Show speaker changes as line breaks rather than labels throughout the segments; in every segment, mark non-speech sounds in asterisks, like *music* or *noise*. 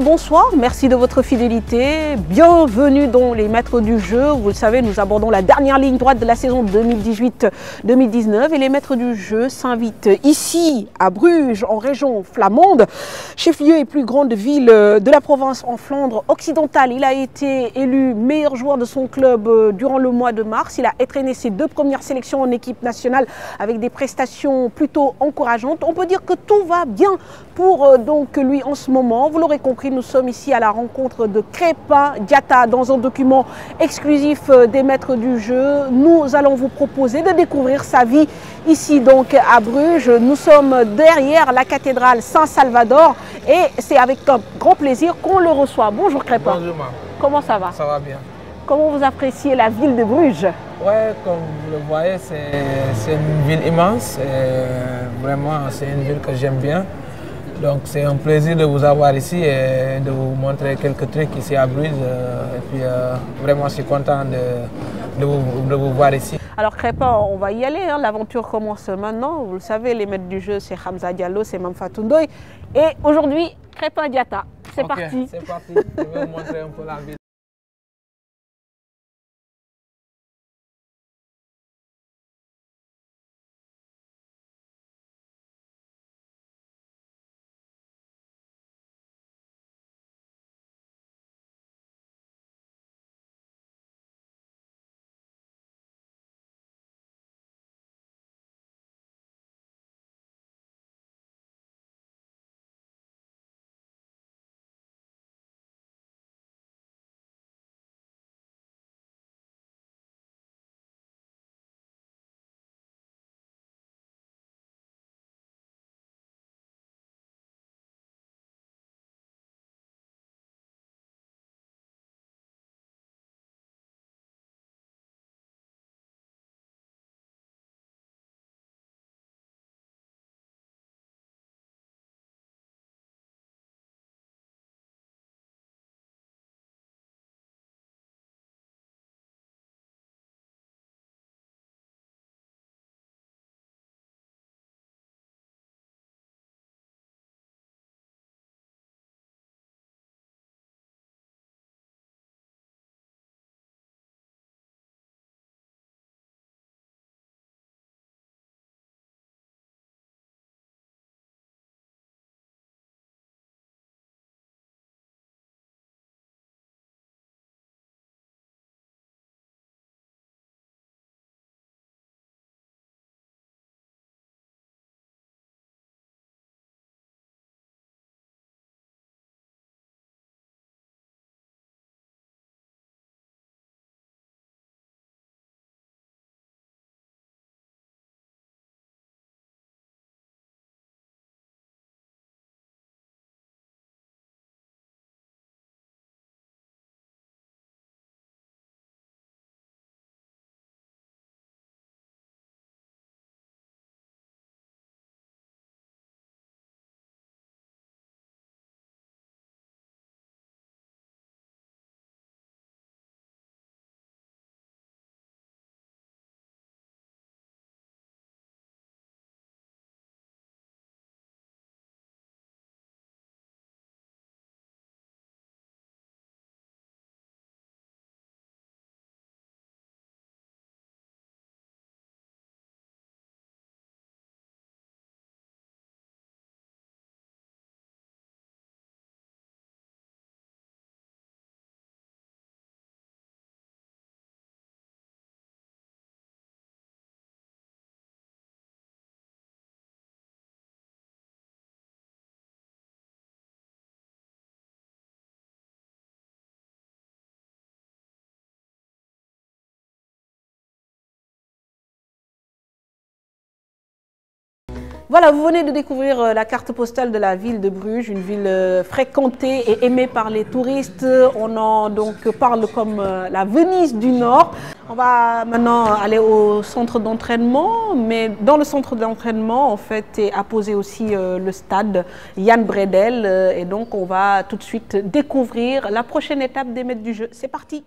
bonsoir. Merci de votre fidélité. Bienvenue dans les maîtres du jeu. Vous le savez, nous abordons la dernière ligne droite de la saison 2018-2019 et les maîtres du jeu s'invitent ici à Bruges, en région flamande, chef-lieu et plus grande ville euh, de la province en Flandre occidentale. Il a été élu meilleur joueur de son club euh, durant le mois de mars. Il a entraîné ses deux premières sélections en équipe nationale avec des prestations plutôt encourageantes. On peut dire que tout va bien pour euh, donc lui en ce moment. Vous l'aurez compris, nous sommes ici à la rencontre de Crépin Diata dans un document exclusif euh, des maîtres du jeu. Nous allons vous proposer de découvrir sa vie ici donc à Bruges. Nous sommes derrière la cathédrale Saint-Salvador et c'est avec un grand plaisir qu'on le reçoit. Bonjour Crépin. Bonjour. Ma. Comment ça va Ça va bien. Comment vous appréciez la ville de Bruges
Ouais, comme vous le voyez, c'est une ville immense. vraiment, c'est une ville que j'aime bien. Donc c'est un plaisir de vous avoir ici et de vous montrer quelques trucs ici à Bruise. Euh, et puis euh, vraiment je suis content de,
de, vous, voir ici.
Alors Crépin, on va y aller, hein. l'aventure commence maintenant. Vous le savez, les maîtres du jeu c'est Hamza Diallo, c'est Mamfatou Et aujourd'hui, Crépin Diata. C'est parti. C'est
parti, je vais vous montrer un peu la ville.
Voilà, vous venez de découvrir euh, la carte postale de la ville de Bruges, une ville euh, fréquentée et aimée par les touristes. On en donc parle comme euh, la Venise du Nord. On va maintenant aller au centre d'entraînement, mais dans le centre d'entraînement, en fait, est apposé aussi le stade Yann Bredel. Et donc, on va tout de suite découvrir la prochaine étape des maîtres du jeu. C'est parti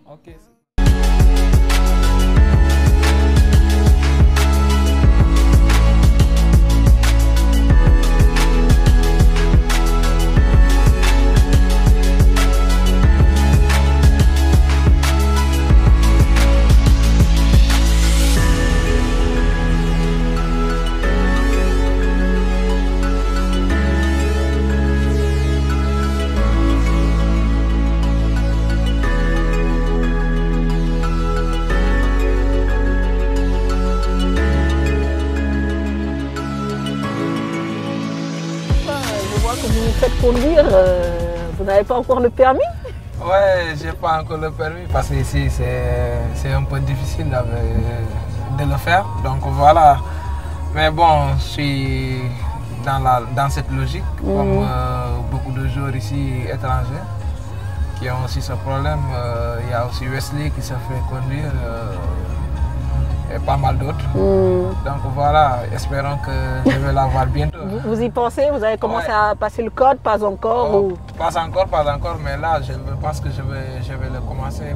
n'avez pas encore le permis
Ouais, j'ai pas encore le permis parce que ici, c'est un peu difficile de, le faire. Donc voilà. Mais bon, je suis dans, la, dans cette logique, mm. comme euh, beaucoup de joueurs ici étrangers qui ont aussi ce problème. Euh, il y a aussi Wesley qui se fait conduire euh, et pas mal d'autres. Mm. Donc voilà, espérons que je vais l'avoir
bientôt. Vous, y pensez Vous avez commencé à passer le code, pas encore oh,
pas encore, pas encore, mais là, je pense que je vais, je vais le commencer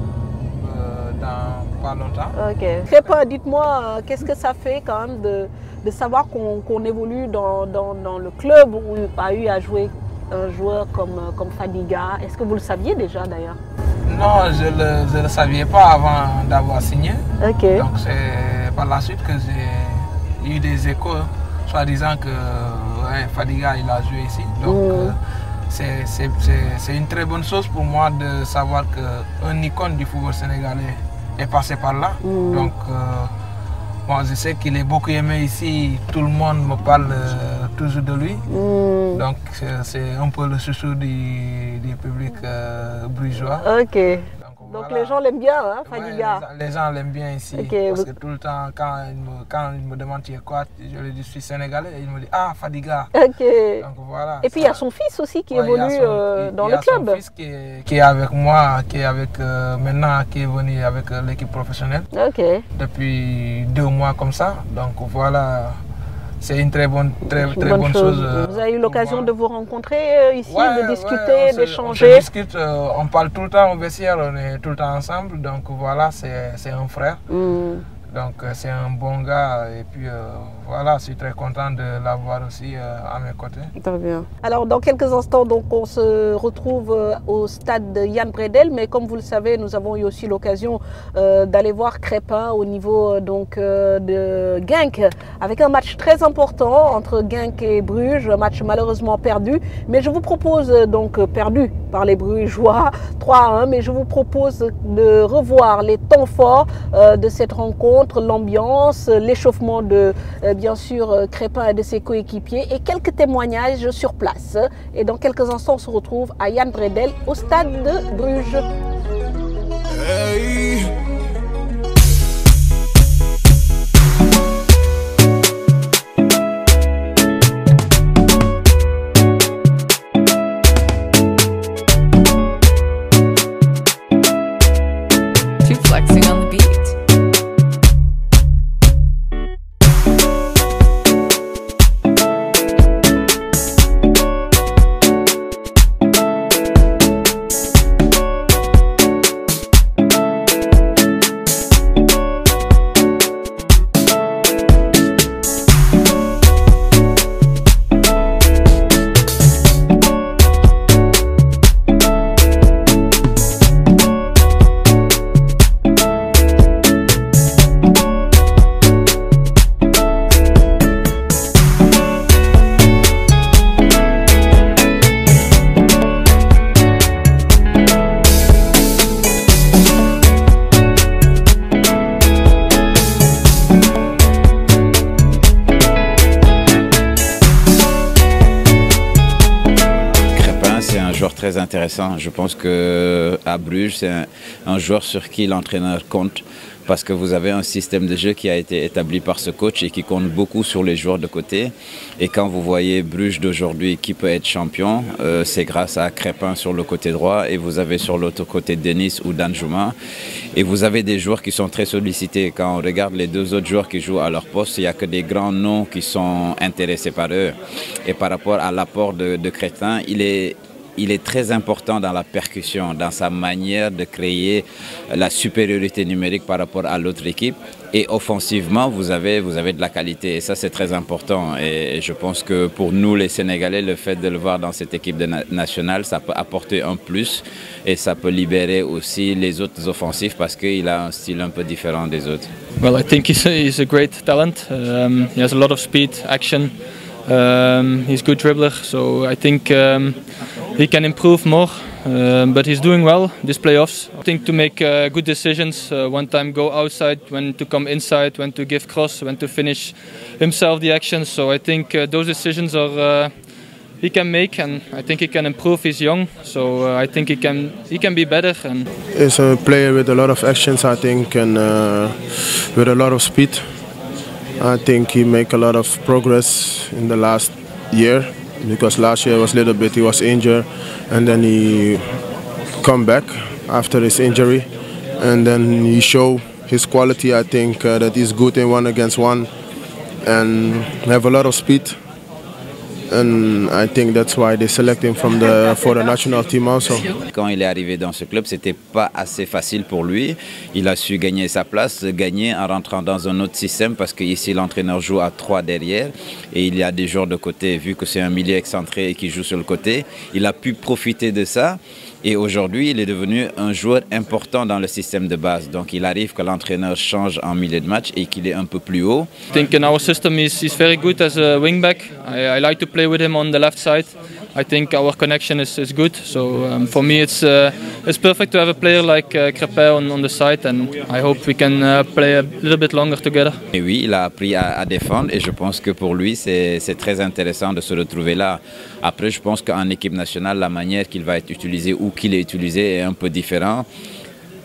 euh, dans pas longtemps.
Ok. dites-moi, euh, qu'est-ce que ça fait quand même de, savoir qu'on évolue dans, le club où il n'y a pas eu à jouer un joueur comme, euh, comme Fadiga Est-ce que vous le saviez déjà d'ailleurs
Non, je ne le, savais pas avant d'avoir signé. Ok. Donc c'est par la suite que j'ai eu des échos, soi-disant que Fadiga il a joué ici. Mm c'est une très bonne chose pour moi de savoir qu'un icône du football sénégalais est passé par là. Mm. Donc, moi, euh, je sais qu'il est beaucoup aimé ici. Tout le monde me parle euh, toujours de lui. Mm. Donc, euh, c'est un peu le chouchou du, public brugeois.
Donc les gens l'aiment bien, hein, Fadiga
les, gens l'aiment bien ici. parce que tout le temps, quand ils me, demandent tu es quoi, je lui dis je suis sénégalais, ils me disent ah, Fadiga.
Okay. Donc, voilà, Et puis il y a son fils aussi qui est évolue dans le club. Il y a son euh, fils
qui est, avec moi, qui est avec euh, maintenant, qui est venu avec euh, l'équipe professionnelle. Ok. Depuis deux mois comme ça. Donc voilà c'est une très bonne, très, très bonne, chose. Euh, vous
avez eu l'occasion de vous rencontrer euh, ici, de discuter, d'échanger. On
euh, on parle tout le temps au vestiaire, on est tout le temps ensemble. Donc voilà, c'est un frère. Hmm. Donc c'est un bon gars et puis voilà, je suis très content de l'avoir aussi euh, à mes côtés.
Très bien. Alors, dans quelques instants, donc, on se retrouve euh, au stade de Yann Bredel, mais comme vous le savez, nous avons eu aussi l'occasion euh, d'aller voir Crépin au niveau donc, de Genk, avec un match très important entre Genk et Bruges, un match malheureusement perdu, mais je vous propose donc perdu par les Brugeois 3 *laughs* à 1, mais je vous propose de revoir les temps forts de cette rencontre, l'ambiance, l'échauffement de bien sûr euh, Crépin et de ses coéquipiers et quelques témoignages sur place. Et dans quelques instants, on se retrouve à Yann Bredel au stade de Bruges.
Je pense que à Bruges, c'est un, joueur sur qui l'entraîneur compte parce que vous avez un système de jeu qui a été établi par ce coach et qui compte beaucoup sur les joueurs de côté. Et quand vous voyez Bruges d'aujourd'hui qui peut être champion, euh, c'est grâce à Crépin sur le côté droit et vous avez sur l'autre côté Denis ou Danjouma. Et vous avez des joueurs qui sont très sollicités. Quand on regarde les deux autres joueurs qui jouent à leur poste, il n'y a que des grands noms qui sont intéressés par eux. Et par rapport à l'apport de, Crépin, il est il est très important dans la percussion, dans sa manière de créer la supériorité numérique par rapport à l'autre équipe. Et offensivement, vous avez, vous avez de la qualité. Et ça, c'est très important. Et je pense que pour nous, les Sénégalais, le fait de le voir dans cette équipe de nationale, ça peut apporter un plus. Et ça peut libérer aussi les autres offensifs parce qu'il a un style un peu différent des autres.
Well, I think he's a, a great talent. Um, he has a lot of speed, action. Um, he's good dribbler. So I think. Um, He can improve more, uh, but he's doing well this playoffs. I think to make uh, good decisions, uh, one time go outside, when to come inside, when to give cross, when to finish himself the action. So I think uh, those decisions are uh, he can make, and I think he can improve. He's young, so uh, I think he can he can be better. And
he's a player with a lot of actions, I think, and with a lot of speed. I think he make a lot of progress in the last year because last year was a little bit he was injured and then he come back after his injury and then he show his quality I think uh, that he's good in one against one and have a lot of speed and I think that's why they select him from the for the national Quand
il est arrivé dans ce club, c'était pas assez facile pour lui. Il a su gagner sa place, gagner en rentrant dans un autre système parce que ici l'entraîneur joue à trois derrière et il y a des joueurs de côté. Vu que c'est un milieu excentré qui joue sur le côté, il a pu profiter de ça. Et aujourd'hui, il est devenu un joueur important dans le système de base. Donc, il arrive que l'entraîneur change en milieu de match et qu'il est un peu plus haut.
Je pense que notre system est très very good as a wingback. J'aime I like to play with him on I think our connection is, is good. So um, for me, it's uh, it's perfect to have a player like uh, Crepin on, on, the side, and I hope we can uh, play a little bit longer together.
oui, il a appris à, défendre, et je pense que pour lui, c'est très intéressant de se retrouver là. Après, je pense qu'en équipe nationale, la manière qu'il va être utilisé ou qu'il est utilisé est un peu différente.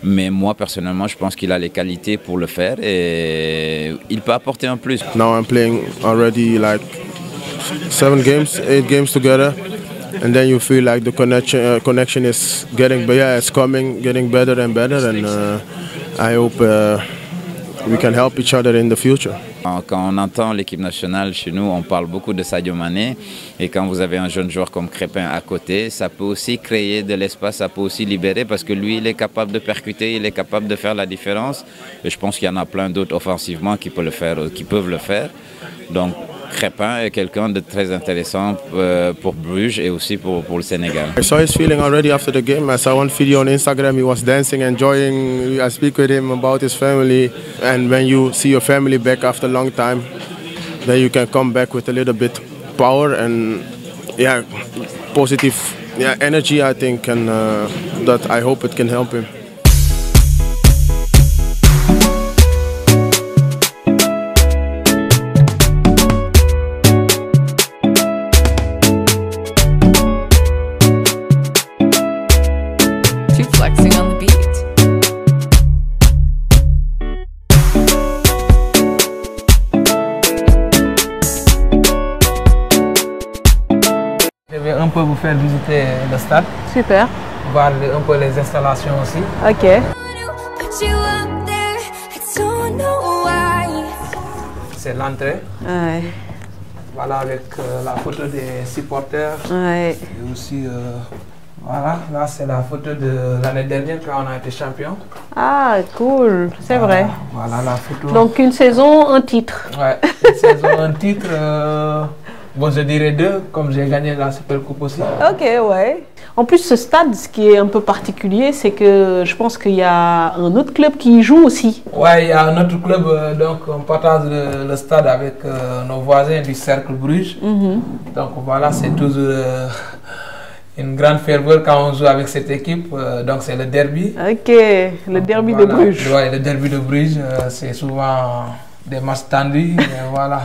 Mais moi, personnellement, je pense qu'il a les qualités pour le faire
et il peut apporter un plus. Now I'm playing already like seven games, eight games together, and then you feel like the connection uh, connection is getting Yeah, it's coming, getting better and better, and uh, I hope. Uh, we can help each other in the future.
Quand on entend l'équipe nationale chez nous, on parle beaucoup de Sadio Mané. Et quand vous avez un jeune joueur comme Crépin à côté, ça peut aussi créer de l'espace, ça peut aussi libérer parce que lui, il est capable de percuter, il est capable de faire la différence. Et je pense qu'il y en a plein d'autres offensivement qui peuvent le faire. Euh, qui peuvent le faire. Donc Crépin est quelqu'un de très intéressant euh, pour Bruges et aussi pour, pour le Sénégal. I saw
his feeling already after the game. I saw one video on Instagram. He was dancing, enjoying. I speak with him about his family. And when you see your family back after a long time, then you can come back with a little bit power and yeah, positive yeah, energy, I think. And uh, that I hope it can help him.
le stade. Super. Voir un peu les installations aussi. Ok. C'est l'entrée. Voilà, avec euh, la photo des supporters. Et aussi, euh, voilà, là c'est la photo de l'année dernière quand on a été champion.
Ah, cool, c'est vrai.
Voilà la photo. Donc
une saison, un titre.
Ouais, une saison, un titre. Euh, Bon, je dirais deux, comme j'ai gagné la Super Coupe aussi. Ok,
ouais. En plus, ce stade, ce qui est un peu particulier, c'est que je pense qu'il y a un autre club qui y joue aussi.
Ouais, il y a un autre club, euh, donc on partage le, stade avec euh, nos voisins du Cercle Bruges. Mhm. Donc voilà, c'est toujours euh, une grande ferveur quand on joue avec cette équipe. donc c'est le derby.
Ok, le derby de Bruges.
Ouais, le derby de Bruges, c'est souvent des masses tendues, mais *laughs* voilà.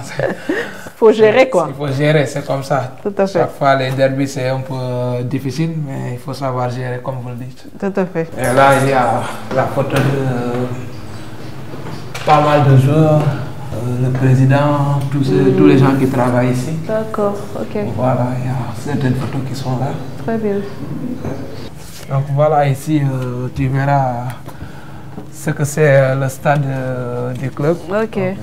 faut gérer quoi. Il faut gérer, c'est comme ça. Tout à fait. Chaque fois, les derbys, c'est un peu difficile, mais il faut savoir gérer, comme vous le dites. Tout à fait. Et là, il y a la photo de euh, pas mal de joueurs, euh, le président, tous, hmm. tous les gens qui travaillent ici.
D'accord, ok. Voilà,
il y a certaines photos qui sont là. Très bien. Donc voilà, ici, euh, tu verras ce que c'est euh, le stade euh, du club.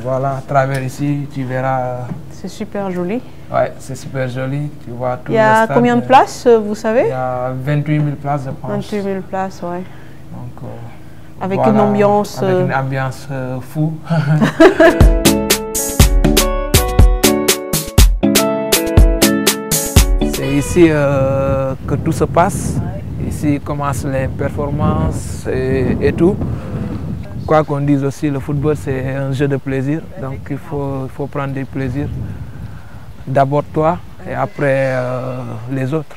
voilà, à travers ici, tu verras. C'est super joli. Oui, c'est super joli. Tu vois tout Il y a combien de euh,
places, vous savez Il y a 28 000 places, je pense. 28 000 places, oui. avec une ambiance. Avec une
ambiance fou.
*laughs*
c'est ici que tout se passe. Ici commencent les performances et tout quoi qu'on dise aussi, le football c'est un jeu de plaisir, donc il faut, prendre du plaisir. D'abord toi et après euh, les autres.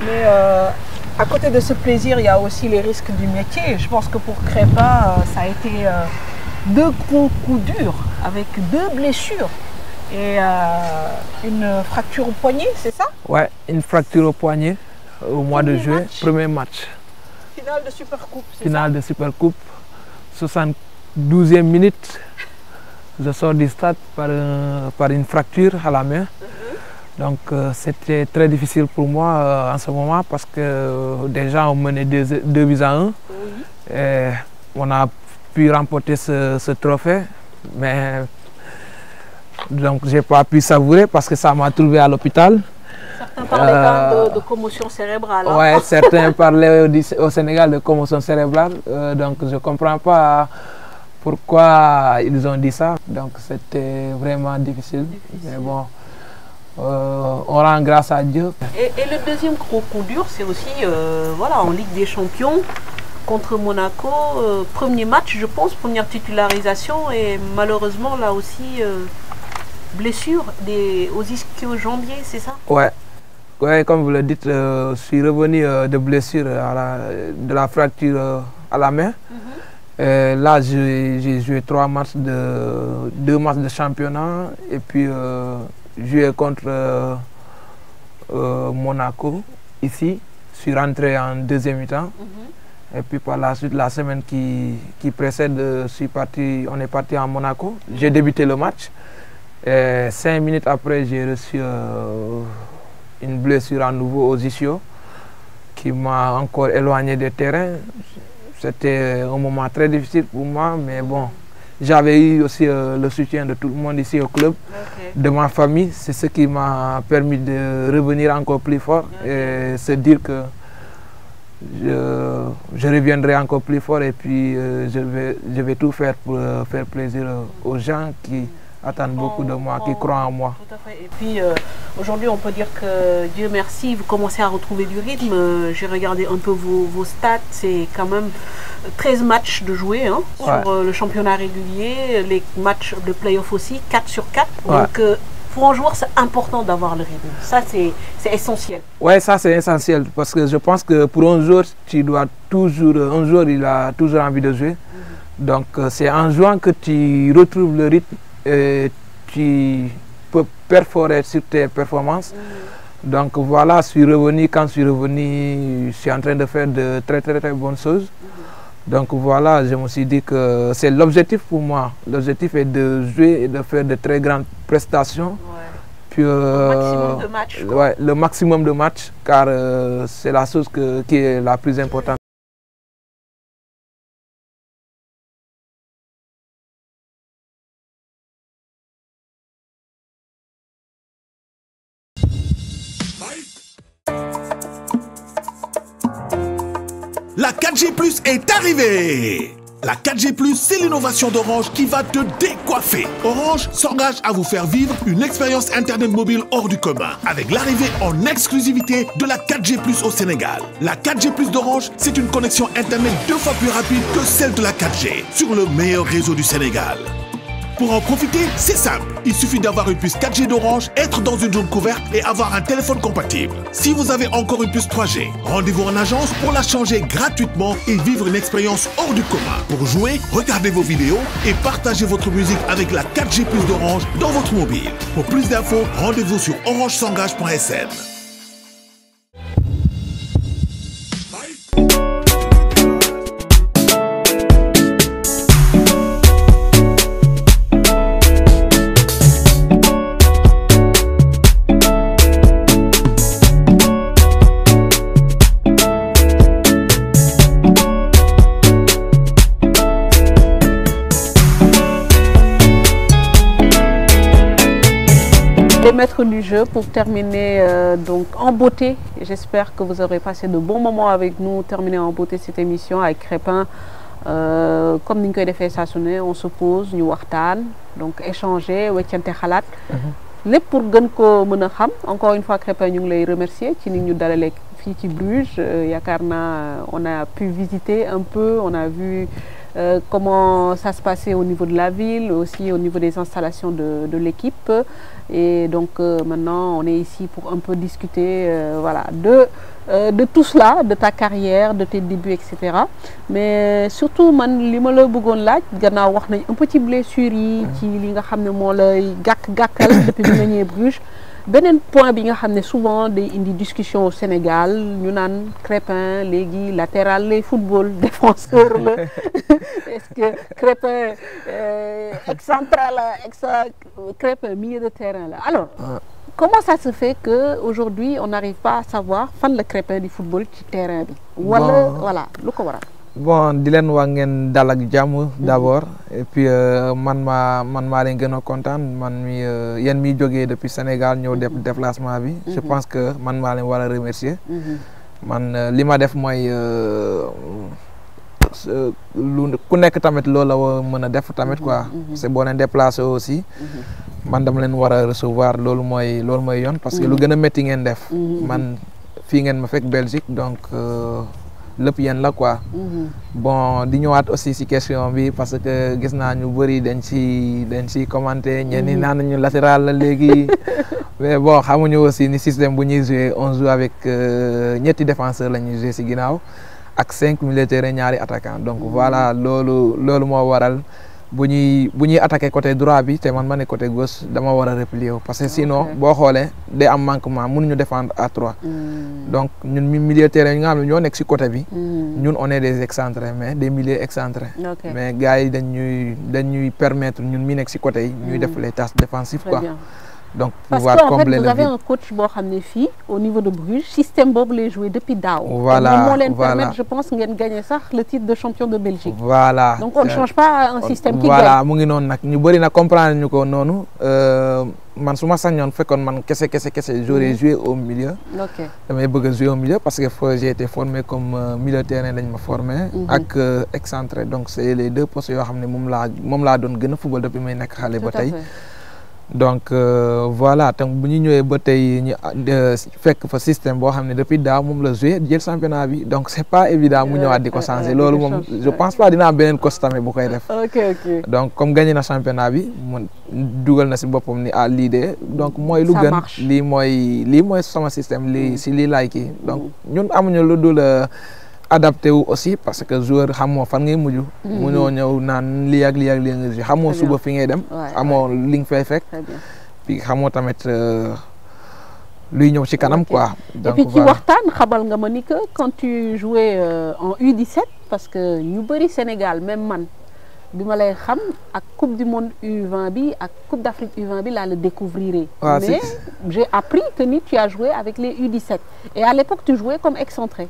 Mais euh, à côté de ce plaisir, il y a aussi les risques du métier. Je pense que pour Crépa, euh, ça a été deux coups, durs avec deux blessures et une fracture au poignet, c'est ça
Ouais, une fracture au poignet au mois de juin, premier match.
Finale de Supercoupe. Finale
ça de Supercoupe. 72e minute, je sors du stade par, une fracture à la main. Mhm. Donc euh, c'était très difficile pour moi euh, en ce moment parce que déjà on menait deux buts à un mhm. on a pu remporter ce, ce trophée, mais donc j'ai pas pu savourer parce que ça m'a trouvé à l'hôpital.
Certains parlaient euh, de, commotion cérébrale. Hein. Ouais, *laughs* certains
parlaient au, Sénégal de commotion cérébrale. Euh, donc je ne comprends pas pourquoi ils ont dit ça. Donc c'était vraiment difficile. Mais bon, euh, on rend grâce à Dieu.
Et, le deuxième gros coup dur, c'est aussi voilà, en Ligue des Champions contre Monaco. premier match, je pense, première titularisation et malheureusement là aussi blessure des, aux ischio-jambiers, c'est ça
Ouais, oui, comme vous le dites, euh, je suis revenu euh, de blessure de la fracture euh, à la main. Mhm. là, j'ai joué trois matchs de deux matchs de championnat et puis joué contre Monaco ici. Je suis rentré en deuxième mi-temps. Mhm. Et puis par la suite, la semaine qui, précède, suis parti, on est parti à Monaco. J'ai débuté le match. Et cinq minutes après, j'ai reçu une blessure à nouveau aux issues qui m'a encore éloigné des terrains. C'était un moment très difficile pour moi, mais bon, j'avais eu aussi euh, le soutien de tout le monde ici au club, de ma famille. C'est ce qui m'a permis de revenir encore plus fort et se dire que je, reviendrai encore plus fort et puis euh, je, vais, je vais tout faire pour euh, faire plaisir aux gens qui attendent oh, beaucoup de moi, qui oh, croient en moi. Tout à
fait. Et puis euh, aujourd'hui, on peut dire que Dieu merci, vous commencez à retrouver du rythme. Euh, j'ai regardé un peu vos, stats, c'est quand même 13 matchs de jouer hein, sur euh, le championnat régulier, les matchs de playoff aussi, 4 sur 4. Donc pour un joueur, c'est important d'avoir le rythme. Ça, c'est essentiel.
Oui, ça, c'est essentiel parce que je pense que pour un joueur, tu dois toujours, un joueur, il a toujours envie de jouer. Mhm. Donc, c'est en jouant que tu retrouves le rythme et euh, tu peux perforer sur tes performances. Mm. Donc voilà, je suis revenu. Quand je suis revenu, je suis en train de faire de très très très bonnes choses. Mm. Donc voilà, je me suis dit que c'est l'objectif pour moi. L'objectif est de jouer et de faire de très grandes prestations. Puis, euh, le maximum de matchs. le maximum de matchs, car euh, c'est la chose qui est la plus importante. La 4G est arrivée la 4G+, c'est l'innovation d'Orange qui va te décoiffer. Orange s'engage à vous faire vivre une expérience Internet mobile hors du commun, avec l'arrivée en exclusivité de la 4G+, au Sénégal. La 4G+, d'Orange, c'est une connexion Internet deux fois plus rapide que celle de la 4G, sur le meilleur réseau du Sénégal. Pour en profiter, c'est simple. Il suffit d'avoir une puce 4G d'Orange, être dans une zone couverte et avoir un téléphone compatible. Si vous avez encore une puce 3G, rendez-vous en agence pour la changer
gratuitement et vivre une expérience hors du commun. Pour jouer, regardez vos vidéos et partagez votre musique avec la 4G puce d'Orange dans votre mobile. Pour plus d'infos, rendez-vous sur
orangesangage.sm.
du jeu pour terminer euh, donc en beauté. J'espère que vous aurez passé de bons moments avec nous, terminer en beauté cette émission avec Crépin. Euh, comme nous avons fait ça, on se pose, nous wartan, donc échanger, nous avons fait pour gën ko encore une fois Crépin nous les lay remercier ci ni ñu dalalee ci Bruges euh, on a pu visiter un peu on a vu euh, comment ça se passait au niveau de la ville, aussi au niveau des installations de, l'équipe. Et donc euh, maintenant, on est ici pour un peu discuter euh, voilà, de, de tout cela, de ta carrière, de tes débuts, etc. Mais surtout, man, ce que je voulais un petit blessure, qui est gak gakal depuis que Bruges. Il point bi nga souvent des indi discussion au Sénégal ñu les Crépin latéral les football *laughs* défenseur *laughs* est-ce que Crépin euh, ex Crépin milieu de terrain alors ah. comment ça se fait que aujourd'hui on n'arrive pas à savoir fan le Crépin du football qui terrain bi voilà lu
bon di len wa ngeen dal ak jamm mm-hmm. d'abord et puis man ma man ma len gëna content man mi e, yeen mi joggé depuis Sénégal ñeu def mm-hmm. déplacement bi mm-hmm. je pense que man e, ma e, len wara remercier man lima def moy ku nekk tamit loola mën a def tamit quoi c'est bon leen déplacé aussi man dama leen war a recevoir loolu mooy loolu mooy yoon parce que lu gën a métti ngeen def man fii ngeen ma fekk belgique donc lépp yéen la quoi. Mhm. bon di ñëwaat aussi si question bi parce que gis naa ñu bëri dañ ci dañ ciy commenté. ñenn ñi mhm. naan latéral la léegi. *laughs* mais bon xamuñu aussi ni système bu ñuy joué on joue avec euh, ñetti défenseur la ñuy joué si ginnaaw ak cinq milieu terrain ñaari attaquant donc mhm. voilà loolu loolu moo waral. bu ñuy bu ñuy attaqué côté droit bi te man ma ne côté gauche dama war a replier wu parce que ah, sinon boo xoolee day am manquement mënuñu défendre à trois. Hmm. donc ñun milieu terrain yi nga xam ne ñoo nekk si côté bi. Hmm. ñun one est des excentrés mais des milieux excentrés. mais gars yi dañ ñuy dañ ñuy permettre ñun mi nekk si côté ñuy hmm. def les tâches défensives quoi. donc pouvoir Parce que, combler en fait, vous avez un
coach boo a amené au niveau de Bruges système Bob lay joué depuis daaw. voilà Et va leen permettre je pense avez gagné ça, le titre de champion de Belgique.
voilà donc on ne euh, change pas un système. qui gagne voilà mu ngi noonu ñu bëri na comprendre ñu ko noonu euh, man su ma sañoon fekkoon man kese kese que j'aurais mm. joué au milieu. ok damay bëgg jouer au milieu parce que j'ai été formé comme euh, milieu terrain j'ai ma formé. Mm-hmm. Avec excentré donc c'est les deux postes yoo xam ne moom laa moom donné doon gën a football depuis may nekk xale donc euh, voilà tam bu ñu ñëwee ba tey ñu euh, fekk fa système bo xamné depuis daaw mom la joué jël championnat bi donc c'est pas évident mu euh, ñëwaat diko changer lolu mom je pense pas dina benen beneen bu koy def donc comme gagné na championnat bi mu dugal na ci bopam ni ah lii donc moy lu gën li moy li moy sama système li mm. si li laay donc mm. ñun amuñu lu dul adapté aussi parce que joueur xamoo fan ngay mujj. Mhm. munoo ñëw naan lii ak lii ak lii nga ji xamoo suba fi ngay dem. xamoo li ils fay fekk. puis xamoo tamit euh, luy ñëw ci kanam quoi. donc et puis ci
waxtaan xamal nga ma que quand tu jouais euh, en U17 parce que ñu bëri Sénégal même man bi ma lay xam ak coupe du monde U20 bi ak coupe d'Afrique U20 bi laa la découvrir. mais j'ai appris que tu as joué avec les U17 et à l'époque tu jouais comme excentré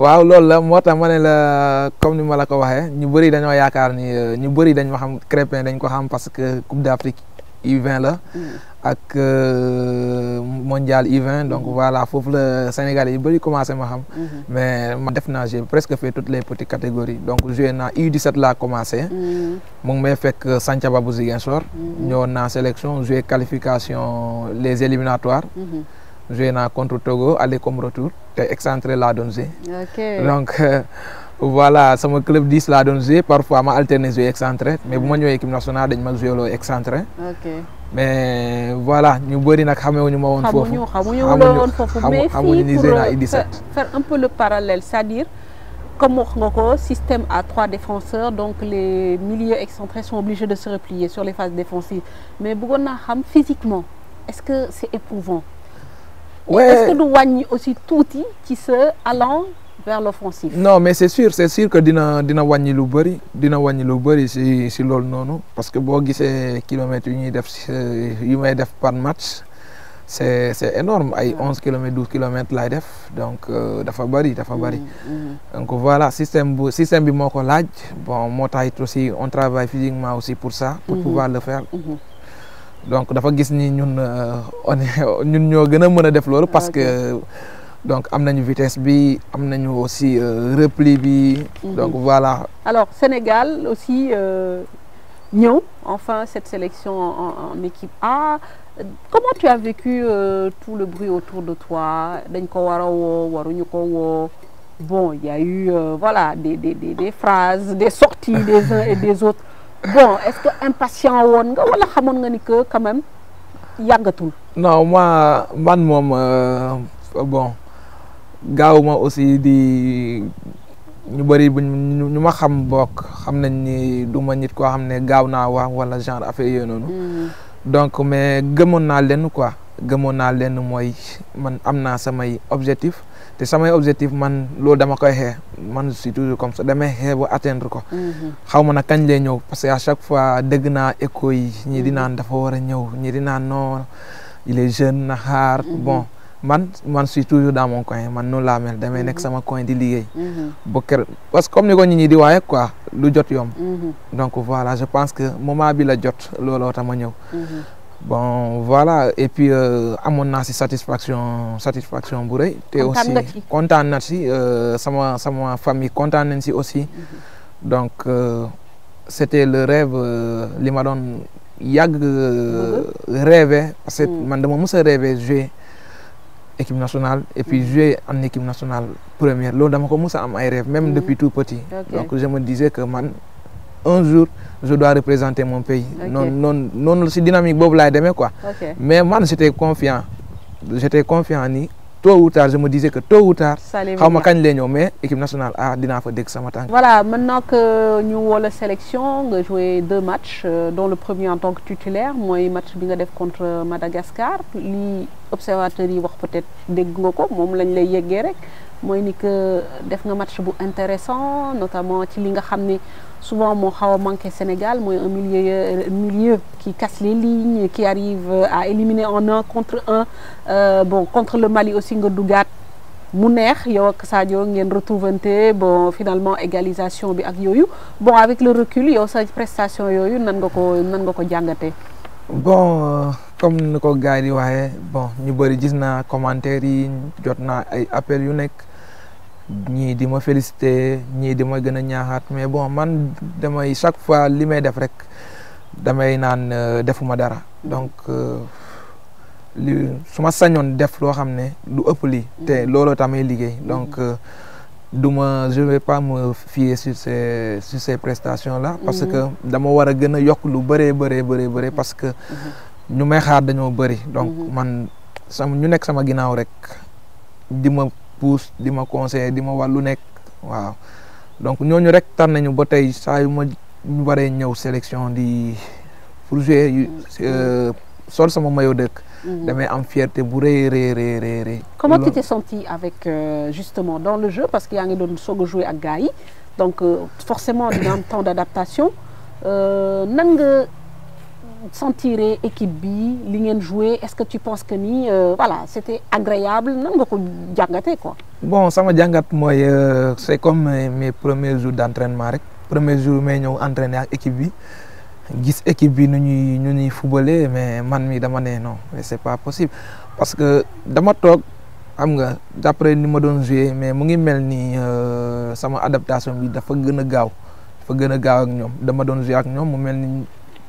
waaw loolu la moo la comme ni ma ko ñu ni euh, ñu parce que Coupe d'Afrique U20 la. Mm. ak euh, mondial U20 donc mm. voilà foofu Sénégal yi commencé ma mm-hmm. mais ma j'ai presque fait toutes les petites catégories donc joué naa U17 laa commencé. Mm. mu ngi may sélection joué qualification les éliminatoires. Mm-hmm joué contre Togo aller comme retour es excentré la donzé. donc euh, voilà mon club 10 là parfois ma alterné joué excentré mais moi, je suis équipe nationale dañ ma joué mais voilà nous avons nag xamewuñu mais euh,
faire un peu le parallèle c'est-à-dire. comme le système à trois défenseurs donc les milieux excentrés sont obligés de se replier sur les phases défensives mais si physiquement est-ce que c'est éprouvant est-ce que nous voyons aussi ce qui se allant vers l'offensive non
mais c'est sûr c'est sûr que dina dina c'est lu bari, dina wàññi lu bari si si loolu parce que bo gissé kilomètres yi ñi par match c'est énorme ay km, 12 km kilomètres def donc euh, dafa bari dafa mm, mm. donc voilà système système bi moko laaj bon aussi on travaille physiquement aussi pour ça pour mm-hmm. pouvoir le faire mm-hmm donc dafa gis ni ñun euh, on *laughs* ñun ñoo gëna mëna def parce que donc am nañu vitesse bi am nañu aussi euh, repli bi mhm. donc voilà
alors Sénégal aussi euh, ñëw enfin cette sélection en équipe A comment tu as vécu tout le bruit autour de toi dañ ko wara wo ko bon il y a eu voilà des des des phrases des sorties des uns et des autres bon est-ce que impatient ou wala xamone que quand même yagatul
non moi man suis euh, bon je aussi di ñu de xam bok xam nañ ni du nit quoi genre affaire hmm. donc mais quoi objectif c'est mon objectif man je suis toujours comme ça Je suis toujours atteindre ça. Je suis toujours quand ça. parce que à chaque fois je yi. Mhm. il est jeune mhm. bon man man suis toujours dans mon coin man suis comme mel Je suis mhm. sama coin di parce que comme ni ko ñi donc voilà je pense que moment bi bon voilà et puis à mon c'est satisfaction satisfaction bourré. Tu es aussi content, ça Euh, sama sama famille content nañ aussi. Mm-hmm. donc euh, c'était le rêve euh, li ma y rêve rêvé parce que mm. man dama je rêve rêvé jouer équipe nationale et puis mm. jouer en équipe nationale première loolu dama ko mës a rêve même mm. depuis tout petit. donc je me disais que man un jour je dois représenter mon pays. Non, non, non, c'est dynamique Bob et demain quoi. Mais moi j'étais confiant, j'étais confiant ni tôt ou tard je me disais que tôt ou tard. ça
ma xawma kañ
mais équipe nationale a ah, dinaa fa dégg sama m'attend
voilà maintenant que nous avons la sélection nga joué deux matchs euh, dont le premier en tant que titulaire moi le match bi contre Madagascar li observateur yi peut-être des nga Moi, je lañ lay yeggee rek mooy ni que match intéressant notamment ci li nga souvent mon xaw au manqué Sénégal un milieu euh, milieu qui casse les lignes qui arrive euh, à éliminer en un contre un euh, bon contre le Mali aussi Ngodougat. y mu neex yow ak Sadio retrouvante bon finalement égalisation bi ak bon avec le recul il y a cette prestation. nga ko nan bon
comme nous avons dit, bon ñu gis commentaires yi appels ni di ma félicité ni di ma gën a ñaaxaat mais bon man damay chaque fois li may def rek damay naan euh, defuma dara donc euh, li su ma sañoon def loo xam ne du ëpp li te mm-hmm. lolo tamay liggéey mm-hmm. donc euh, du ma je vais pas me fier sur ces sur ces prestations là mm-hmm. parce que dama war a gën a yokk lu bëree bëree bëree bëree parce que ñu may xaar dañoo bëri donc man sama ñu nekk sama ginnaaw rek di ma pousse di ma conseiller di ma wàllu nekk waaw donc ñooñu rek tànn nañu ba tey saa yu ma ñu waree ñëw sélection di pour jouer euh, sol sama maillot dëkk. Mhm. damay am fierté bu rëy rëy rëy rëy. comment tu t'es
senti avec euh, justement dans le jeu parce que yaa ngi doon soog a jouer ak gars yi donc euh, forcément dina am temps d'adaptation nan nga sentirez équipe bi li ngeen est-ce que tu penses que ni euh, voilà c'était agréable nan nga ko quoi.
bon sama moy euh, c'est comme mes premiers jours d'entraînement rek premier jour mais ñëw entraîner avec équipe bi gis équipe bi ñuy ñuy footballer mais man mi dama né non mais c'est pas possible parce que dama tok xam nga d'après ni ma doon jouer mais mu ngi melni euh, sama adaptation bi dafa gën a gaaw dafa gën gaaw ak ñom dama doon jouer ak ñom mu melni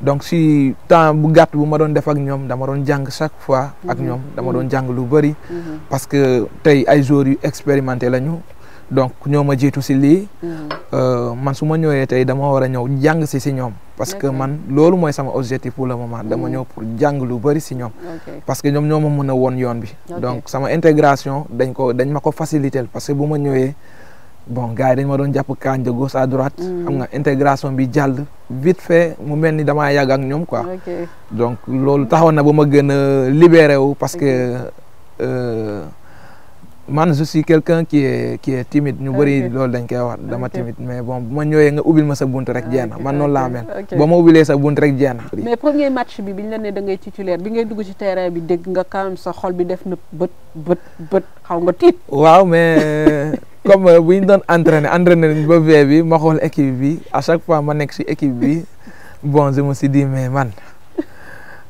donc si temps bu gàtt bu ma doon def ak ñoom dama doon jàng chaque fois ak mhm. ñoom dama mhm. doon jàng lu bëri mhm. parce que tey ay joueurs yu expérimenté lañu donc ñoo ma jiitu si lii euh, man su ma ñëwee tey dama war a ñëw jàng si si ñoom parce que man loolu mooy sama objectif pour le moment dama ñëw pour jàng lu bëri si ñoom parce que ñoom ñoo ma mën a woon yoon bi donc sama intégration dañ ko dañ ma ko faciliter parce que bu ma ñëwee bon gars dañ ma doon japp kanja gauche à droite. Mm. xam nga intégration bi jàll. vite fait mu mel ni damaa yàgg ak ñoom quoi. donc loolu taxaw na ba ma gën a libéré wu parce que euh, man je suis quelqu'un qui est qui est timide ñu bëri loolu dañ koy wax dama timide mais bon bu ma ñëwee nga ubbil ma sa bunt rek jeex na man noonu laa mel. ba ma ubbilee sa bunt rek jeex na. mais
premier match bi biñ la ne da ngay titulaire bi ngay dugg ci terrain bi dégg nga quand même sa xol bi def na bët bët bët xaw nga tiit.
waaw mais. *laughs* comme euh, bu ñu doon entraîné entraîné ba vee bi ma xool équipe bi à chaque fois ma nekk si équipe bi bon je me suis dit mais man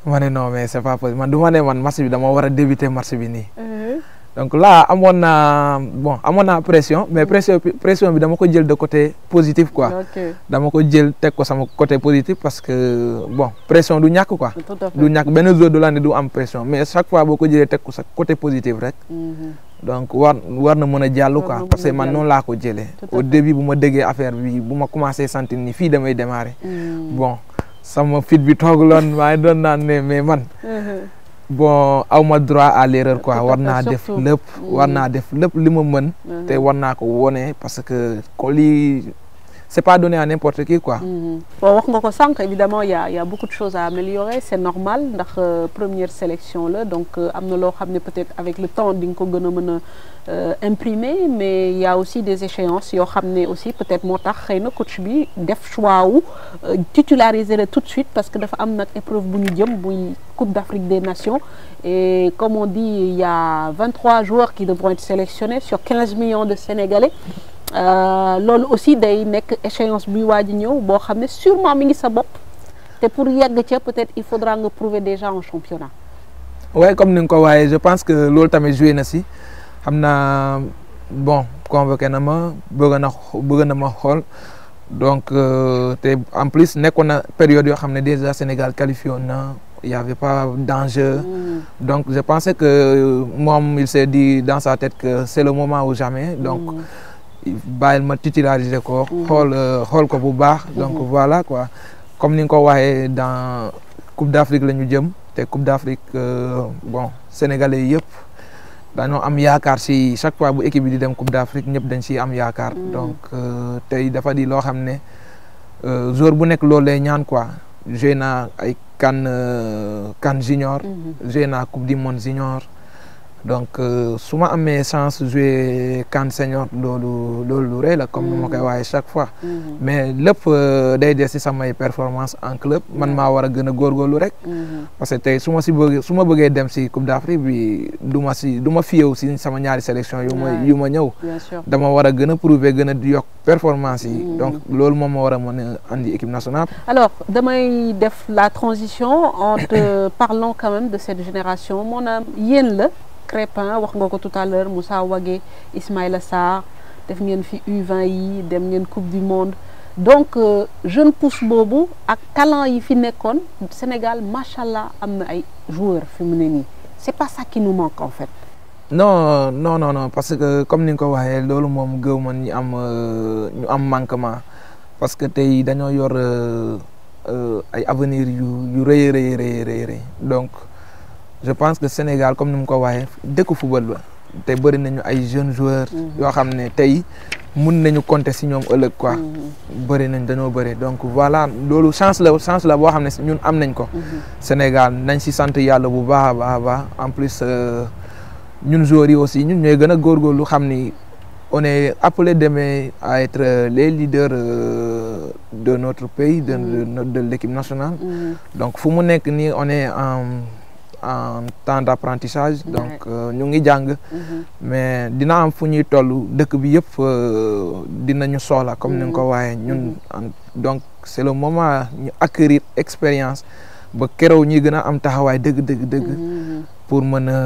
ma ne non mais c'est pas possible man du ma ne man match bi dama war a débuter match bi nii. Euh. donc là amoon naa bon amoon naa pression mais pression pression bi dama ko jël de côté positif quoi. dama ko jël teg ko sama côté positif parce que bon pression du ñàkk quoi. du ñàkk benn jour de l'année du am pression mais chaque fois boo ko jëlee teg ko sa côté positif rek. Mhm. donc war war na mën a jàll quoi parce que man noonu laa ko jëlee au début bu ma déggee affaire bi bu ma commencé sentir ni fii damay démarrer mm. bon sama fit bi tooguloon maa *laughs* ngi naan ne mais man uh-huh. bon aw ma droit à l'erreur quoi war naa def lépp war mm. naa def lépp li ma mën te uh-huh. war naa ko wone parce que ko c'est pas donné à n'importe qui quoi.
Mhm. bon wax y a beaucoup de choses à améliorer c'est normal la euh, première sélection là. donc on euh, a peut-être avec le temps d'une ko euh, Mais il y a aussi des échéances Il y a aussi peut-être que le coach bi def choix wu titulariser tout de suite parce que dafa am une épreuve bu Coupe d'Afrique des Nations et comme on dit il y a 23 joueurs qui devront être sélectionnés sur 15 millions de Sénégalais. Euh, l'ol aussi day nek échéance buy waaj a bo xamné sûrement mi ngi sa bop pour yegg ci peut-être il faudra nga prouver déjà en championnat.
ouais comme nous le ko je pense que loolu tamé joué na si xamna bon convoqué na ma bëgg na bëgg na ma xol donc euh, té en plus nekkoon période yo xamné déjà Sénégal qualifié il y avait pas danger mm. donc je pensais que euh, moi il s'est dit dans sa tête que c'est le moment ou jamais donc. Mm il ma titulariser ko. xool euh, xool ko bu baax. donc mhm. voilà quoi comme ni nga dans Coupe d'Afrique Afrique la ñu te Coupe d'Afrique, euh, bon sénégalais yëpp dañoo am Amiakar si chaque fois bu équipe bi di dem Coupe d'Afrique Afrique ñëpp dañ si am yaakaar. Mhm. donc euh, tey dafa di loo xam ne jour bu nekk loolu ñaan quoi joué naa ay CAN CAN junior. Mhm. joué naa Coupe du monde junior donc euh, suma amé amee chance jouer CAN senior lolu lolu lu la comme mo ma koy mm. chaque fois mm-hmm. mais lépp euh, day des si samay performance en club man ma wara gëna gën rek mm-hmm. parce que tay suma si bëgg suma bëggé dem si Coupe d'Afrique bi du ma si du ma fiyew ci sama ñaari sélection yu ma yu ma ñëw dama wara gëna prouver gëna a performance yi mm-hmm. donc lolu moom ma war a andi équipe nationale
alors damay def la transition entre *coughs* parlons quand même de cette génération mon am yéen la Crépin wax nga ko tout à l'heure Moussa Wagé Ismaïla Sarr def ngeen fi U20 yi dem ngeen coupe du monde donc euh, jeune pousse bobu ak talent yi fi nekkoon Sénégal machallah amna ay joueurs fi mu ni c'est pas ça qui nous manque en fait.
non non non non parce que comme ni nga ko waxee loolu moom man ñu am euh, ñu am manquement parce que tay dañoo yor euh, ay avenir yu yu rëy rëy donc je pense que le Sénégal comme ni mu ko waxee dëkk football la te bëri nañu ay jeunes joueurs. Mhm. yoo xam ne tey mun nañu compter si ñoom ëllëg quoi. Mhm. bëri nañ dañoo bëri donc voilà loolu chance la chance la boo xam ne ñun am nañ ko. Mhm. Sénégal nañ si sant yàlla bu baax a en plus euh, ñun joueurs yi aussi ñun ñooy gën a góorgóorlu xam ni on est appelé demain à être euh, les leaders euh, de notre pays de de de l'équipe nationale. donc fu mu nekk on est en en temps d'apprentissage donc euh, ñu ngi jang mhm. mais dina am fu ñuy tollu dëkk bi yëpp euh, dinañu soxla comme ni nga ko mhm. waaye ñun mhm. donc c'est le moment ñu acquérir expérience ba keroog ñuy gën a am taxawaay dëgg dëgg dëgg pour mën a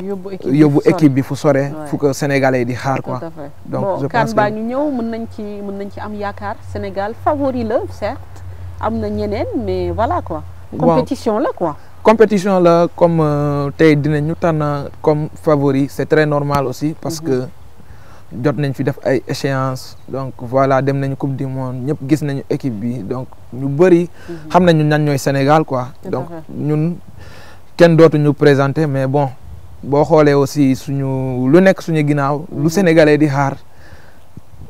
yóbbu équipe bi fu
sore fu ko sénégalais di xaar quoi donc je pense que baa ñu
ñëw mën nañ ci mën nañ ci am yaakaar Sénégal favori la certes am na ñeneen mais voilà quoi compétition la quoi
compétition là comme euh, tey dinañu tànn comme favori c'est très normal aussi parce mhm. que jot nañ fi def ay échéances donc voilà dem nañ coupe du monde ñep gis nañ équipe bi donc ñu bari mhm. xam nañ ñan ñoy Sénégal quoi donc ñun kenn ñu présenter mais bon bo xolé aussi suñu lu nek suñu ginaaw lu mhm. sénégalais di xaar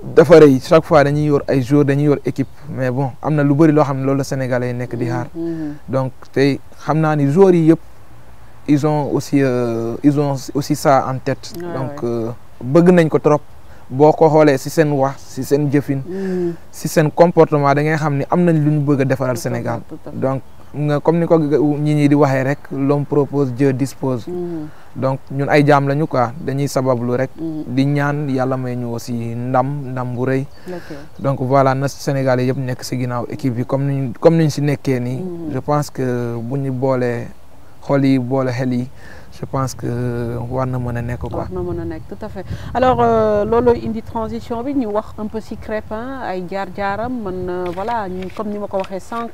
dafa rëy chaque fois dañuy yor ay joueurs dañuy yor équipe mais bon am na lu bëri loo xam ne loolu la Sénégalais yi nekk di xaar. Mm-hmm. Mm-hmm. donc tey xam naa ni joueurs yi yëpp ils ont aussi euh, ils aussi ça en tête. donc euh, bëgg nañ ko trop. boo ko xoolee si seen wax si seen jëfin. Mm-hmm. si seen comportement da ngay xam ne am nañ lu ñu bëgg a defaral Sénégal. donc comme ni ko ñi ñi di waxee rek loom propose Dieu dispose. donc ñun ay jaam lañu quoi dañuy sabablu rek. Mm. di ñaan yàlla may ñu aussi ndam ndam bu rey donc voilà na Sénégal yëpp nekk si ginnaaw équipe bi comme ni comme ni ñu si nekkee nii. Mm. je pense que bu ñu boolee xol yi boole xel yi. je pense que war na mën a nekk quoi. war
na a nekk tout à fait alors euh, looloo transition bi ñu wax un peu si Krépin ay jaar-jaaram man voilà comme ni ma ko waxee sànq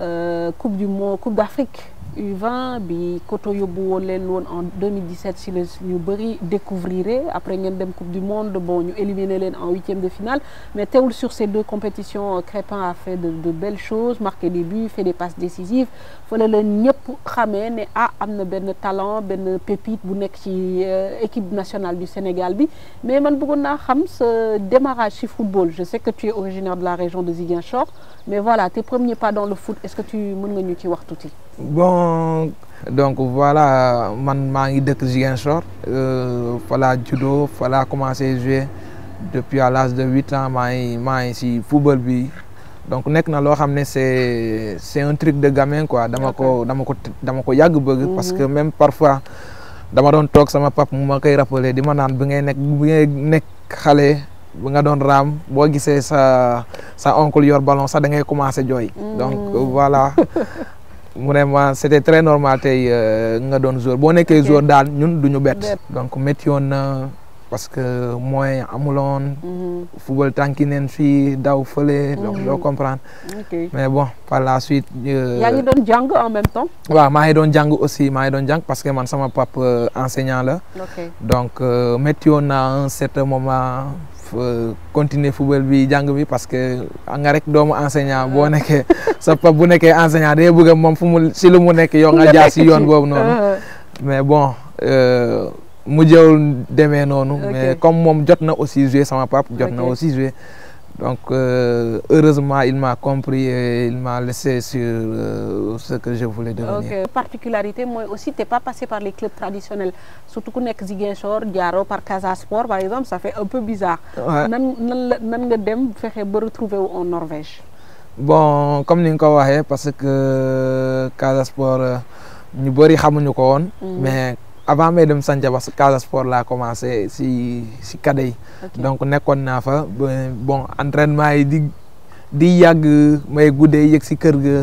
euh, coupe du monde coupe d'Afrique. U20 bi en 2017 si nous ñu après après une coupe du monde bon ñu éliminé en en huitième de finale mais sur ces deux compétitions Crépin a fait de, belles choses marqué des buts fait des passes décisives il faut que xamee ne ah, talent ben pépite bu euh, équipe nationale du Sénégal bi mais man bëggoon démarrage football je sais que tu es originaire de la région de Ziguinchor mais voilà tes premiers pas dans le foot est-ce que tu peux ñu
bon
donc voilà man maa ngi dëkk Ziguinchor euh, fa laa judo fa commencer commencé jouer depuis à l'âge de huit ans mais ngi maa ngi football bi donc nek na lo xamné c'est c'est un truc de gamin quoi dama ko dama ko dama ko yag bëgg mhm. parce que même parfois dama don tok sama pap mu ma koy rappeler dima nan naan bi ngay nek bi ngay nek xalé bu nga don ram bo gisee sa sa oncle yor ballon ça da ngay commencé jooy mhm. donc voilà *laughs* vraiment c'était très normal tay euh, nga doon jour bo nekkee jour dal ñun duñu ñu donc métti parce que moi amuloon. Mhm. football tànki neen daw feulé donc mhm. doo comprendre. mais bon par la suite. Euh, ya ngi
doon jang en même temps.
wa maa ngi doon jàng aussi maa ngi doon jàng parce que man sama papa euh, enseignant la. donc métti à un certain moment. Euh, continuer football bi jàng bi parce que nga rek doomu enseignant boo nekkee sa pap bu nekkee enseignant day bëgg moom fu mu si lu mu nekk yow nga jaar si yoon boobu noonu ah, ah. mais bon euh, mu jëwul demee noonu mais comme moom jot na aussi jouer sama pap jot na aussi jouer Donc, euh, heureusement, il m'a compris et il m'a laissé sur euh, ce que je voulais devenir.
Particularité, moi aussi, tu n'es pas passé par les clubs traditionnels. Surtout qu'on est Ziguinchor, Diaro, par Casa Sport, par exemple, ça fait un peu bizarre. Comment tu retrouver en Norvège
Bon, comme nous l'avons parce que euh, Casa Sport, nous ne connaissons pas, mais avant may dem Sandia parce que Casa Sport laa commencé si si cadets donc nekkoon naa fa bon entraînement yi di di yàgg may guddee yëg si kër ga.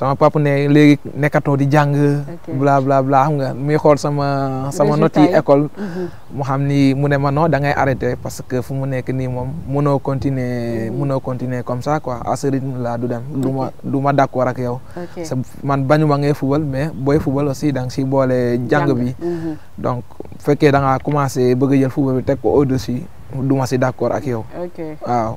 sama papa ne legi nekato di jang bla bla bla xam nga mi xol sama sama note école mu xam ni mu ne ma no da ngay arrêter parce que fu mu nek ni mom mono continuer mhm. mono continuer comme ça quoi à ce rythme là du dem duma duma d'accord ak yow man bañu ma ngay football mais boy football aussi dang si bolé jang bi donc fekke da nga commencer bëgg jël football bi tek ko au dessus duma si d'accord ak yow waaw okay.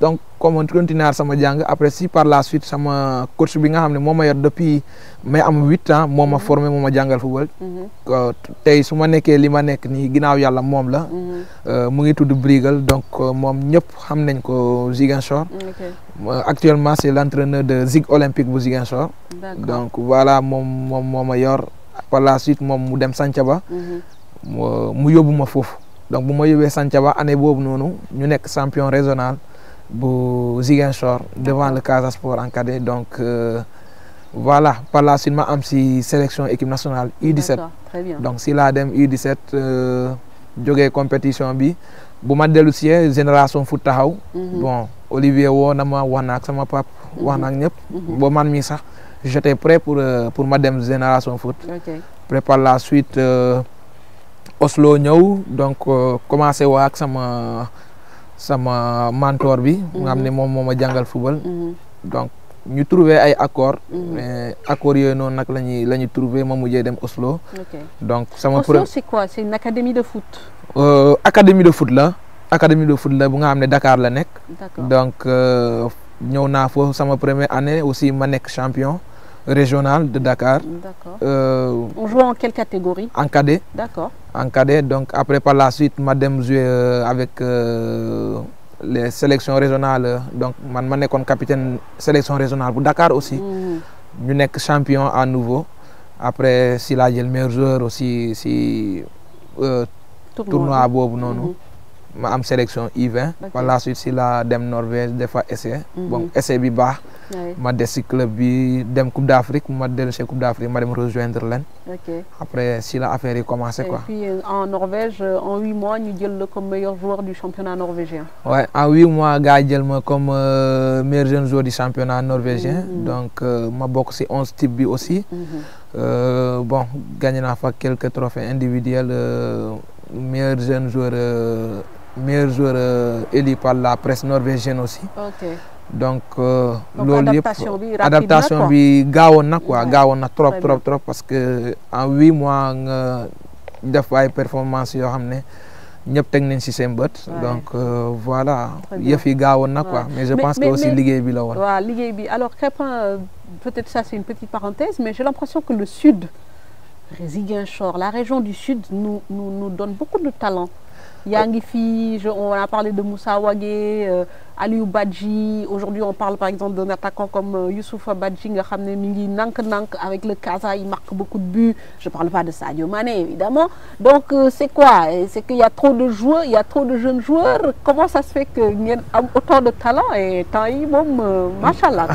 donc comme on continue sama jang après si par la suite sama coach bi nga xamné moma moo yor depuis mai am 8 ans moo ma mm-hmm. formé moma jangal jàngal football. Mm-hmm. Euh, tey su ma nekkee li ni nekk nii ginnaaw yàlla moom la. Mm-hmm. Euh, mu ngi tuddu Brigal donc euh, mom ñep xam nañ ko Ziguinchor. Mm, actuellement c'est l'entraîneur de Zig Olympique bu Ziguinchor. donc voilà mom moom yor par la suite mom mu dem Santhiaba. mu yóbbu ma foofu donc bu ma yóbbee Santhiaba année bobu noonu ñu nekk champion régional bu Ziguinchor devant le Casasport en cadet donc euh, voilà par la suite je suis si sélection équipe nationale U17. donc si la dem U17 la euh, compétition bi bu ma dellu génération foot mhm. bon Olivier woo n'ama ma wax na ak sama pap mhm. wax na ak ñëpp. Mhm. ba man j'étais prêt pour euh, pour ma génération foot. ok par la suite Oslo ñëw donc commencé waa ak sama sama mentor bi. nga amené mom mhm. moma jangal football. Mhm. donc ñu trouver ay Accord, mhm. mais accords yooyu noonu nag lañuy ñuy trouver ma mujjee dem Oslo. donc sama pro c'est
quoi c'est une académie de foot.
Euh, académie de foot là, académie de foot là, bu nga xam Dakar la nekk. donc euh, ñëw na fo sama première année aussi ma nekk champion régional de Dakar. Euh,
on joue en quelle catégorie En cadet. D'accord.
En cadet. Donc après, par la suite, madame joué euh, avec euh, les sélections régionales. Donc, je suis capitaine sélection régionale pour Dakar aussi. Je mm. suis champion à nouveau. Après, si j'ai le meilleur joueur aussi, si tournoi à Bob, non, sélection I20. Par la suite, si la Dem Norvège, des fois, essai. Mm-hmm. Bon, ma suis le club bi dem Coupe d'Afrique ma dellu Coupe d'Afrique, je ma me rejoindre là après si la affaire est commencé quoi. et
puis euh, en Norvège euh, en 8 mois nous jël le comme meilleur joueur du championnat norvégien.
ouais en 8 mois je suis jël comme euh, meilleur jeune joueur du championnat norvégien. Mm-hmm. donc ma boxe, 11 types aussi. Mm-hmm. bon gagné quelques trophées individuels meilleur jeune joueur meilleur joueur élu par la presse norvégienne aussi donc l'adaptation euh, adaptation bi gaawoon quoi trop trop trop parce que en huit mois nga def ay performance yo xamné ne tek nañ donc euh, voilà il yi sont quoi. mais je pense que aussi liguey bi la waaw
bi alors Crépin euh, peut-être ça c'est une petite parenthèse mais j'ai l'impression que le sud short la région du sud nous nous nous donne beaucoup de talent. Yangifi, oh. on a parlé de Moussa Wagé Aliou Badji aujourd'hui on parle par exemple d'un attaquant comme euh, Youssouf Badji nga nank-nank avec le Kaza il marque beaucoup de buts je ne parle pas de Sadio Mane, évidemment donc euh, c'est quoi c'est qu'il y a trop de joueurs il y a trop de jeunes joueurs comment ça se fait que y a autant de talent et temps de machallah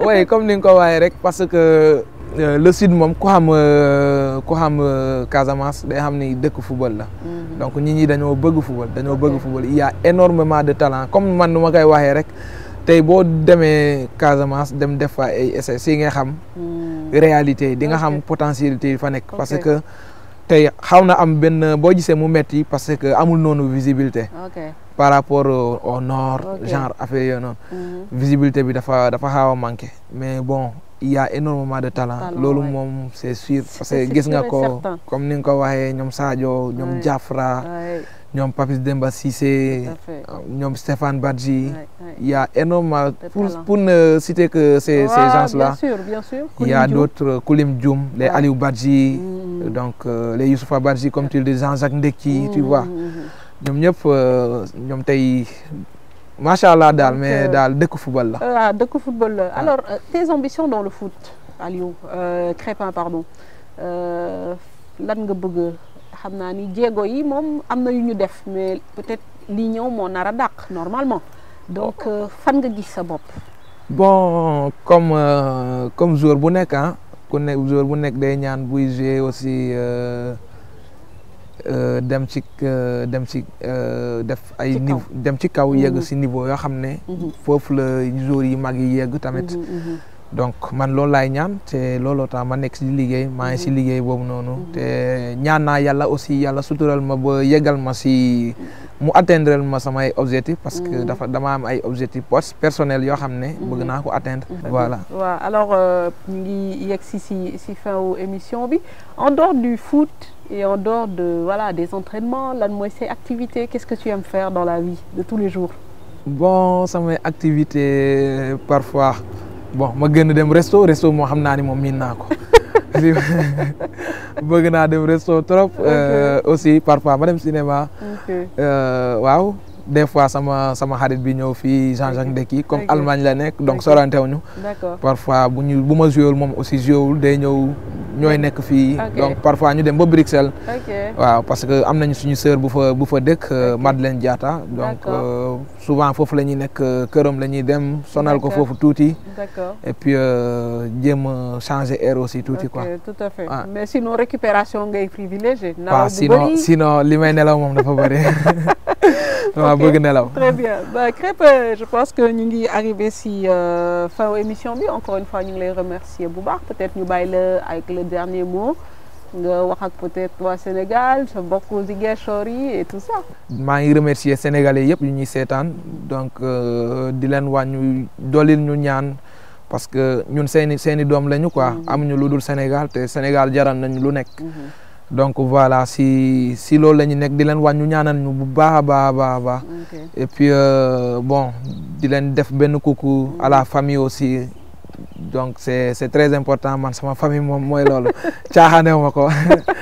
oui comme Ninkova erek, parce que euh, le sud mom ko xam euh, ko xam euh, Casamance day ni football la. Mhm. donc ñi ñi bëgg football football il y a énormément de talent comme man le kay rek dem réalité di nga xam potentialité parce que. tey xaw na am benn boo gisee mu metti parce que amul noonu visibilité. par rapport au nord. genre affaire yooyu noonu. Mhm. visibilité bi dafa dafa xaaw manqué mais bon. il y énormément de talent loolu moom c'est sûr parce que gis nga ko comme ni ko waxee ñoom Sadio ñoom Diafra avons Papis Demba Sissé, ah, Stéphane Badji. il y a énormément, pour, pour, ne citer que ces, Bien sûr, gens-là, il y a d'autres, Koulim Djoum, les Aliou Badji, mm. euh, donc euh, les Youssoufa Badji, comme tu le disais, Jean-Jacques Ndeki, mm, tu vois. Nous mm, euh, avons ñoom tey Machallah, mais dans le football là.
Ah, football ah. alors tes ambitions dans le foot Aliou Crépin pardon lan nga xam naa ni jéego yi mom amna na yu ñu def mais peut-être li ñew mo nar a dàq normalement donc euh, fan nga gis sa bop
bon comme euh, comme joueur bu nek ah ku nek joueur bu nek day ñaan bu jouer aussi euh, euh, dem ci euh, dem ci euh, def ay niveau dem ci kaw yegg ci mm-hmm. niveau yo xam mm-hmm. fofu le joueur yi mag yi yegg tamit. Mm-hmm, donc man suis ñaan té ma je suis liggéey mhm. mhm. ma ngi liggéey bobu nonu y ñaan aussi sutural ma ma atteindre ma parce que mhm. dafa dama am ay objectif post personnel atteindre voilà
alors euh, ngi yex émission en dehors du foot et en dehors de voilà des entraînements lan activités qu'est-ce que tu aimes faire dans la vie de tous les jours
bon mais activité euh, parfois bon ma gën dem resto resto moo xam naa ni moom miin naa ko *laughs* naa dem resto trop. Euh, aussi parfois ma dem cinéma. Euh, waaw. des fois sama sama xarit bi ñëw fi Jean-Jacques Ndekki comme Allemagne la nek donc sorante wuñu parfois bu ñu bu ma jouéwul aussi jouéwul day ñëw ñooy nekk fii donc parfois ñu dem ba Bruxelles waaw parce que am nañu suñu sœur bu fa bu fa dëkk euh, Madeleine diata donc euh, souvent fofu lañuy nek euh, kërëm lañuy dem sonal ko touti tuuti et puis jéem changer air aussi touti quoi
tout à fait mais sinon récupération ngay privilégié waaw sinon
sinon limay nelaw mom dafa bari *laughs* *laughs* très
bien bah, je pense que nous sommes arrivés si euh, fin émission l'émission, encore une fois nous les remercier peut-être nous nous avec le dernier mot peut-être au Sénégal et tout ça.
je remercie sénégalais donc euh, parce que nous sommes nous sommes Sénégal le Sénégal donc voilà si si lolo lañu nek di len ñaanal ñu bu et puis euh, bon di len def ben coucou à la famille aussi donc c'est c'est très important man sama famille moi *laughs* *laughs*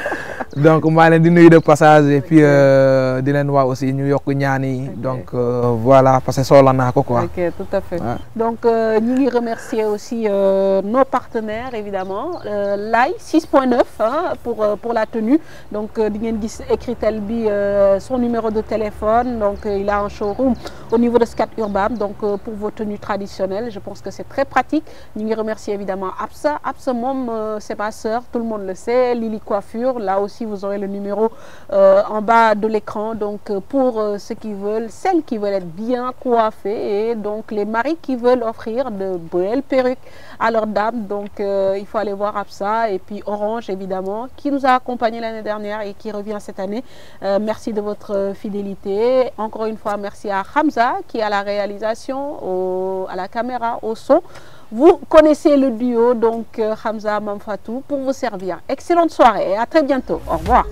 donc on va di de passage et puis euh, di la noix aussi New York ñaan donc euh, voilà parce que c'est ça quoi. ok
tout à fait donc euh, nous remercions remercier aussi nos partenaires évidemment l'AI 6.9 hein, pour pour la tenue donc di écrit écrit son numéro de téléphone donc il a un showroom au niveau de Scat Urban. donc pour vos tenues traditionnelles je pense que c'est très pratique Nous remercions remercier évidemment Absa Absa c'est ma sœur tout le monde le sait Lily Coiffure là aussi vous aurez le numéro euh, en bas de l'écran. Donc, euh, pour euh, ceux qui veulent, celles qui veulent être bien coiffées et donc les maris qui veulent offrir de belles perruques à leurs dames. Donc, il faut aller voir Absa et puis Orange, évidemment, qui nous a accompagnés l'année dernière et qui revient cette année. merci de votre fidélité. Encore une fois, merci à Hamza qui a la réalisation, à la caméra, au son. Vous connaissez le duo, donc euh, Hamza Mamfatu pour vous servir. Excellente soirée et à très bientôt. Au revoir.